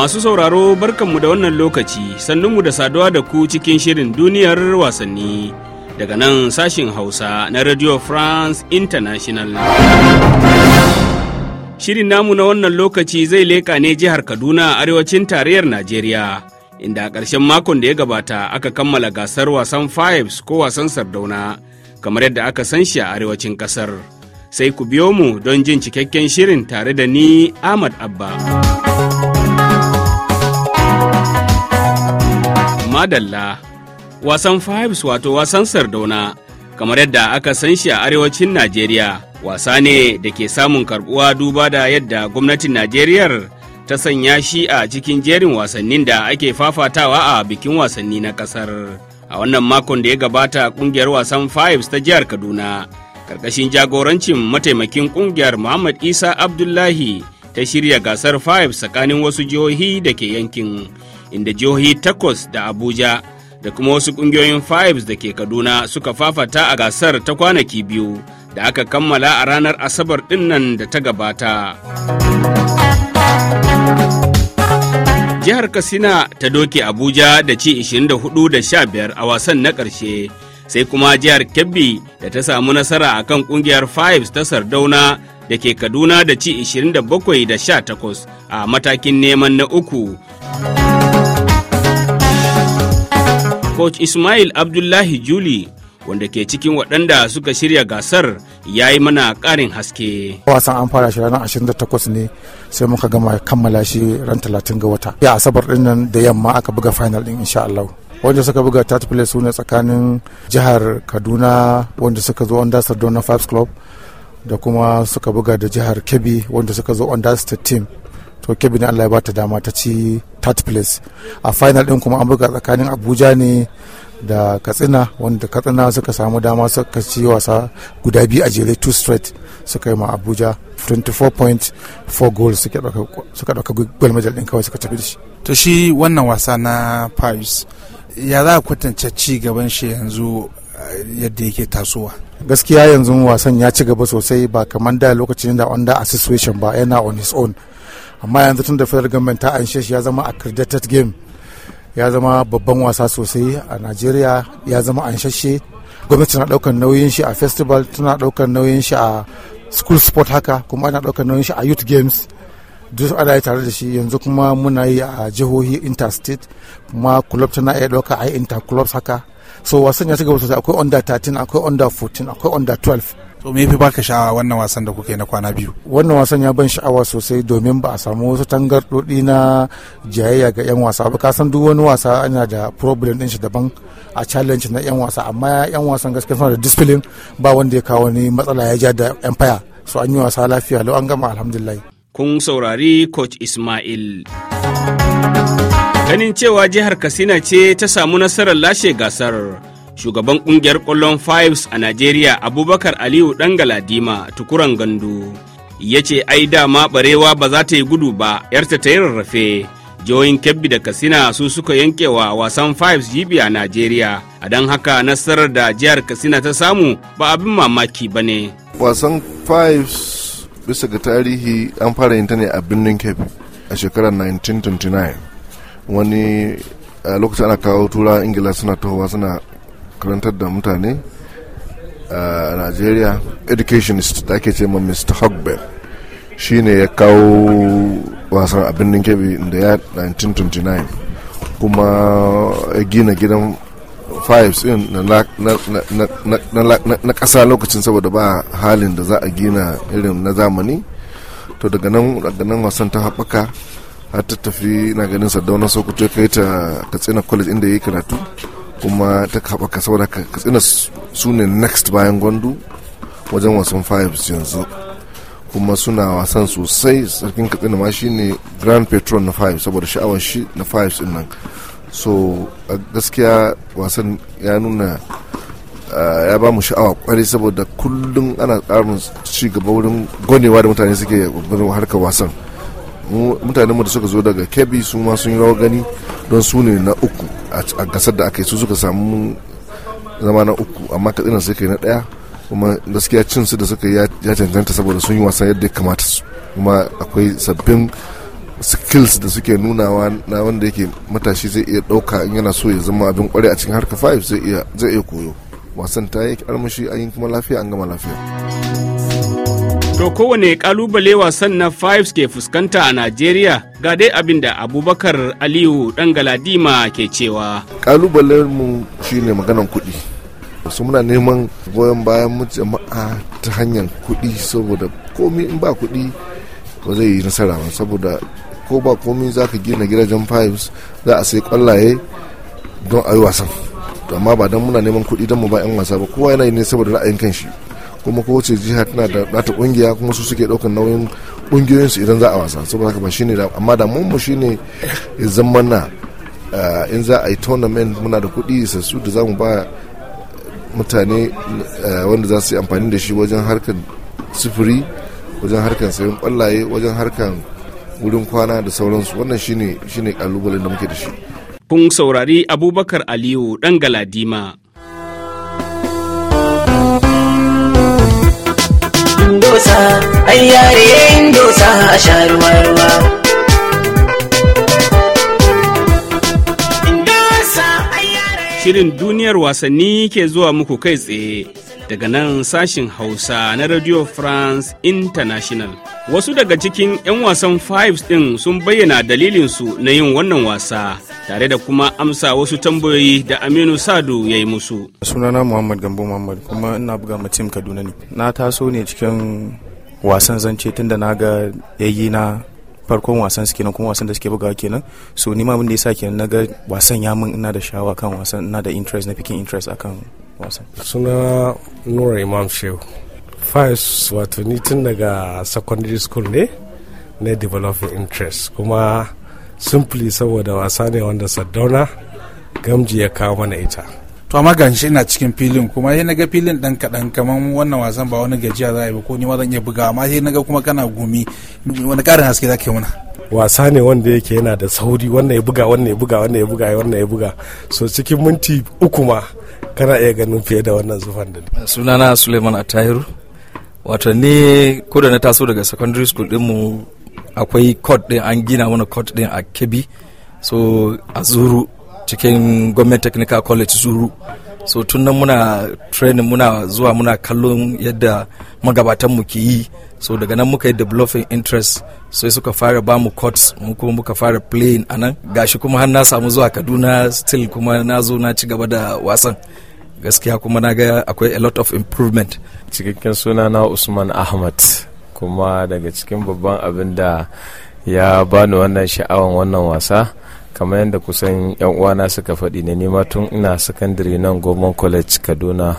Masu sauraro barkanmu da wannan lokaci sannunmu da saduwa da ku cikin shirin duniyar wasanni daga nan sashin Hausa na Radio France International. Shirin namu na wannan lokaci zai leƙa ne jihar Kaduna a arewacin tarayyar Najeriya. Inda a ƙarshen makon da ya gabata aka kammala gasar wasan Fives ko wasan Sardauna kamar yadda aka san shi a arewacin ƙasar. Sai ku biyo mu don jin cikakken shirin tare da ni Ahmad Abba. Madalla. Wasan Fives wato wasan Sardauna, kamar yadda aka san shi a arewacin Najeriya, wasa ne da ke samun karbuwa duba da yadda gwamnatin Najeriya ta sanya shi a cikin jerin wasannin da ake fafatawa a bikin wasanni na kasar. A wannan makon da ya gabata kungiyar wasan Fives ta jihar Kaduna, karkashin jagorancin mataimakin kungiyar Muhammad Isa Abdullahi ta shirya gasar Fives tsakanin wasu jihohi da ke yankin. inda jihohi takwas da Abuja da kuma wasu kungiyoyin Fives da ke Kaduna suka fafata a gasar ta kwanaki biyu da aka kammala a ranar Asabar ɗinnan da ta gabata. Jihar Katsina ta doke Abuja da ci 24 da 15 a wasan na ƙarshe, sai kuma jihar Kebbi da ta samu nasara a kan ƙungiyar Fives ta Sardauna da ke Kaduna da ci 27 da 18 a matakin neman na uku. coach ismail abdullahi juli wanda ke cikin waɗanda suka shirya gasar ya yi mana ƙarin haske. wasan an fara shi ranar 28 ne sai muka gama kammala shi ran 30 ga wata ya asabar ɗin nan da yamma aka buga final din insha Allah. wanda suka buga third place sune tsakanin jihar kaduna wanda suka zo under sardona fives club da kuma suka buga da jihar kebbi wanda suka zo under state team to kebbi ne allah ya bata dama ta ci third place a final din kuma an buga tsakanin abuja ne da katsina wanda katsina suka samu dama suka ci wasa guda biyu a jere two straight suka yi ma abuja 24.4 goals suka ɗauka gwal majal ɗin kawai suka tafi da shi to shi wannan wasa na paris ya za a kwatanta ci gaban shi yanzu yadda yake tasowa gaskiya yanzu wasan ya ci gaba sosai ba kamar da lokacin da under association ba yana on his own amma yanzu tun da federal government ta anshe shi ya zama accredited game ya zama babban wasa sosai a nigeria ya zama anshashe gwamnati na daukar nauyin shi a festival tana daukar nauyin shi a school sport haka kuma ana daukar nauyin shi a youth games duk ana yi tare da shi yanzu kuma muna yi a jihohi interstate kuma club tana iya dauka a inter clubs haka so wasan ya cigaba sosai akwai under 13 akwai under 14 akwai under 12 to me yafi baka sha'awa wannan wasan da kuke na kwana biyu wannan wasan ya ban sha'awa sosai domin ba a samu wasu tangardodi na jayayya ga yan wasa ba kasan duk wani wasa ana da problem din shi daban a challenge na yan wasa amma yan wasan gaskiya suna da discipline ba wanda ya kawo ni matsala ya ja da empire so an yi wasa lafiya lau an gama alhamdulillah kun saurari coach ismail Ganin cewa jihar Katsina ce ta samu nasarar lashe gasar. Shugaban kungiyar ƙwallon Fives a Najeriya Abubakar Aliyu ɗan Galadima tukuran gandu. Ya ce ai dama barewa ba za ta yi gudu ba, ‘yarta ta yi rarrafe. Jihohin Kebbi da Katsina su suka yankewa wasan Fives jibi a Najeriya. A don haka nasarar da jihar Katsina ta samu ba abin mamaki ba ne. Wasan Fives bisa ga tarihi an fara yin ta ne a birnin Kebbi a shekarar 1929. wani a eh, lokacin ana kawo tura ingila suna tohowa suna karantar da mutane a eh, nigeria educationist da ake ce ma mr hogben shi ne ya kawo wasan abin ninkebi da ya 1929 kuma ya gina gidan fives in na kasa lokacin saboda ba halin da za a gina irin na zamani to daga nan wasan ta haɓaka har ta tafi na ganin sardauna sokoto ya kai ta katsina college inda ya yi karatu kuma ta haɓaka saboda katsina su ne next bayan gwandu wajen wasan fives yanzu kuma suna wasan sosai sarkin katsina ma shi ne grand patron na fives saboda sha'awar shi na fives din nan so a gaskiya wasan ya nuna ya ba mu sha'awa kwarai saboda kullum ana tsarin ci gaba wurin gwanewa da mutane suke harkar wasan mutanen mu da suka zo daga kebbi su ma sun yi rawa gani don su ne na uku a gasar da aka yi su suka samu zama na uku amma katsina sai kai na daya kuma gaskiya cin su da suka ya cancanta saboda sun yi wasa yadda ya kamata su kuma akwai sabbin skills da suke nunawa na wanda yake matashi zai iya dauka in yana so ya zama abin kware a cikin harka 5 zai iya koyo wasan ta yi armashi an yi kuma lafiya an gama lafiya To kowane kalubale wasan na Fives ke fuskanta a Najeriya ga dai abin da Abubakar Aliyu dan Galadima ke cewa. Kalubalen mu shine maganan kuɗi. su muna neman goyon bayan mu jama'a ta hanyar kuɗi saboda komi in ba kuɗi ba zai yi nasara ba saboda ko ba komi za ka gina gidajen fives za a sai kwallaye don a yi wasan amma ba don muna neman kuɗi don mu ba 'yan wasa ba kowa yana yi ne saboda ra'ayin kan kuma ko kowace jiha tana da ɗata kungiya kuma su suke daukan nauyin ƙungiyoyinsu idan za a wasa saboda haka ba shine amma da mu shine ya zama na eh, in za a yi tournament muna da kuɗi su da za mu ba mutane eh, wanda za su yi amfani da shi wajen harkar sufuri wajen harkar sayan kwallaye wajen harkar wurin kwana da sauransu wannan shine shine kalubalen da muke da shi kun saurari abubakar aliyu dan galadima dosa ai yare yin dosa a ruwa Shirin duniyar wasanni ke zuwa muku kai tsaye daga nan sashin Hausa na Radio France International. Wasu daga cikin 'yan wasan Fives ɗin sun bayyana dalilinsu na yin wannan wasa. tare da kuma amsa wasu tambayoyi da Aminu sadu ya yi musu. Sunana Muhammad Gambo Muhammad kuma ina buga ma Kaduna ne. Na taso ne cikin wasan zance tunda na ga yayi na farkon wasan suke nan kuma wasan da suke bugawa kenan so ni ma abin da yasa kenan na ga wasan ya min ina da shawa kan wasan ina da interest na fikin interest akan wasan suna Nura Imam Shehu Faiz wato ni tun daga secondary school ne na developing interest kuma simply saboda wasa ne wanda saddauna gamji ya kawo mana ita to amma ga shi ina cikin filin kuma sai naga filin dan kadan kaman wannan wasan ba wani gajiya za a yi ba ko ni ma zan iya buga amma sai naga kuma kana gumi wani karin haske zake yi mana wasa ne wanda yake yana da sauri wannan ya buga wannan ya buga wannan ya buga wannan ya buga so cikin minti uku ma kana iya ganin fiye da wannan zufan da sunana Suleiman Atahiru wato ni ko da na taso daga secondary school din mu akwai court din an gina wani court din a kebi so a zuru cikin government technical college zuru so tun nan muna training muna zuwa muna kallon yadda magabatan mu ke yi so daga nan muka yi developing interest sai so, suka fara ba mu courts mu kuma muka fara playing a nan gashi kuma har na samu zuwa kaduna still kuma na zo na ci gaba da wasan gaskiya kuma na ga akwai a lot of improvement cikakken suna na usman ahmad kuma daga cikin babban abin da ya bani wannan sha'awan wannan wasa kamar yadda kusan yan uwana suka faɗi ne nema tun ina sakandare nan goma college kaduna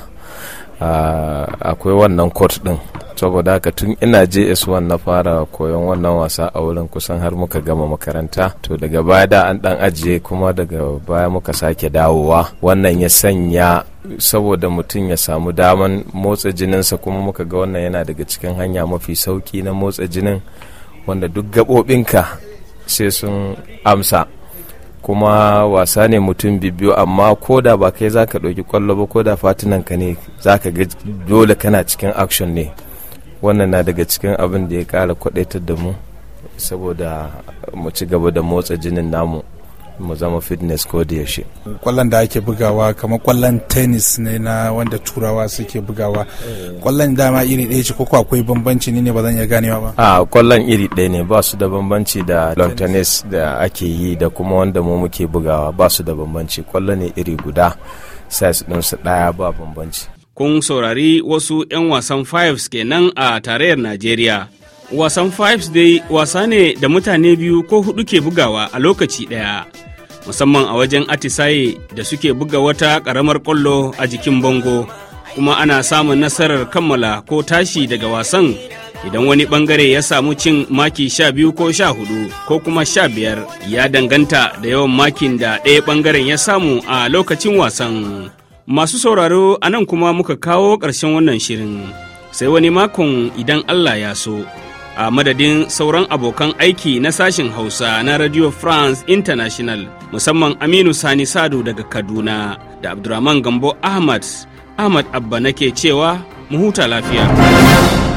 akwai wannan court din saboda haka tun ina js1 na fara koyon wannan wasa a wurin kusan har muka gama makaranta to daga baya da an dan ajiye kuma daga baya muka sake dawowa wannan ya sanya saboda mutum ya samu daman motsa jininsa kuma muka ga wannan yana daga cikin hanya mafi sauki na motsa jinin wanda duk gaɓoɓinka sai sun amsa kuma wasa ne mutum bibiyu amma ko da ba kai za ka ɗauki kwallo ba ko da fatinan ka ne za ka ga dole kana cikin action ne wannan na daga cikin abin da ya ƙara kwaɗaitar da mu saboda mu ci gaba da motsa jinin namu mu zama fitness ko da yaushe. Kwallon da ake bugawa kamar kwallon tennis ne na wanda turawa suke bugawa. Kwallon dama iri ɗaya ce koko akwai bambanci ne ne ba zan iya ganewa ba. A kwallon iri ɗaya ne ba su da bambanci da long tennis da ake yi da kuma wanda mu muke bugawa ba su da bambanci kwallo ne iri guda size su ɗaya ba bambanci. Kun saurari wasu 'yan wasan fives kenan a tarayyar Najeriya. Wasan fives dai wasa ne da mutane biyu ko hudu ke bugawa a lokaci daya musamman a wajen atisaye da suke buga wata karamar kwallo a jikin bango, kuma ana samun nasarar kammala ko tashi daga wasan idan wani bangare ya samu cin maki sha biyu ko sha hudu ko kuma sha biyar ya danganta da yawan makin da ɗaya bangaren ya samu a lokacin wasan. Masu sauraro anan kuma muka kawo ƙarshen wannan shirin, sai wani makon idan Allah ya so. a madadin sauran abokan aiki na sashen Hausa na Radio France International musamman Aminu Sani sadu daga Kaduna da Abdurrahman Gambo Ahmad Ahmad Abba nake cewa mu huta lafiya.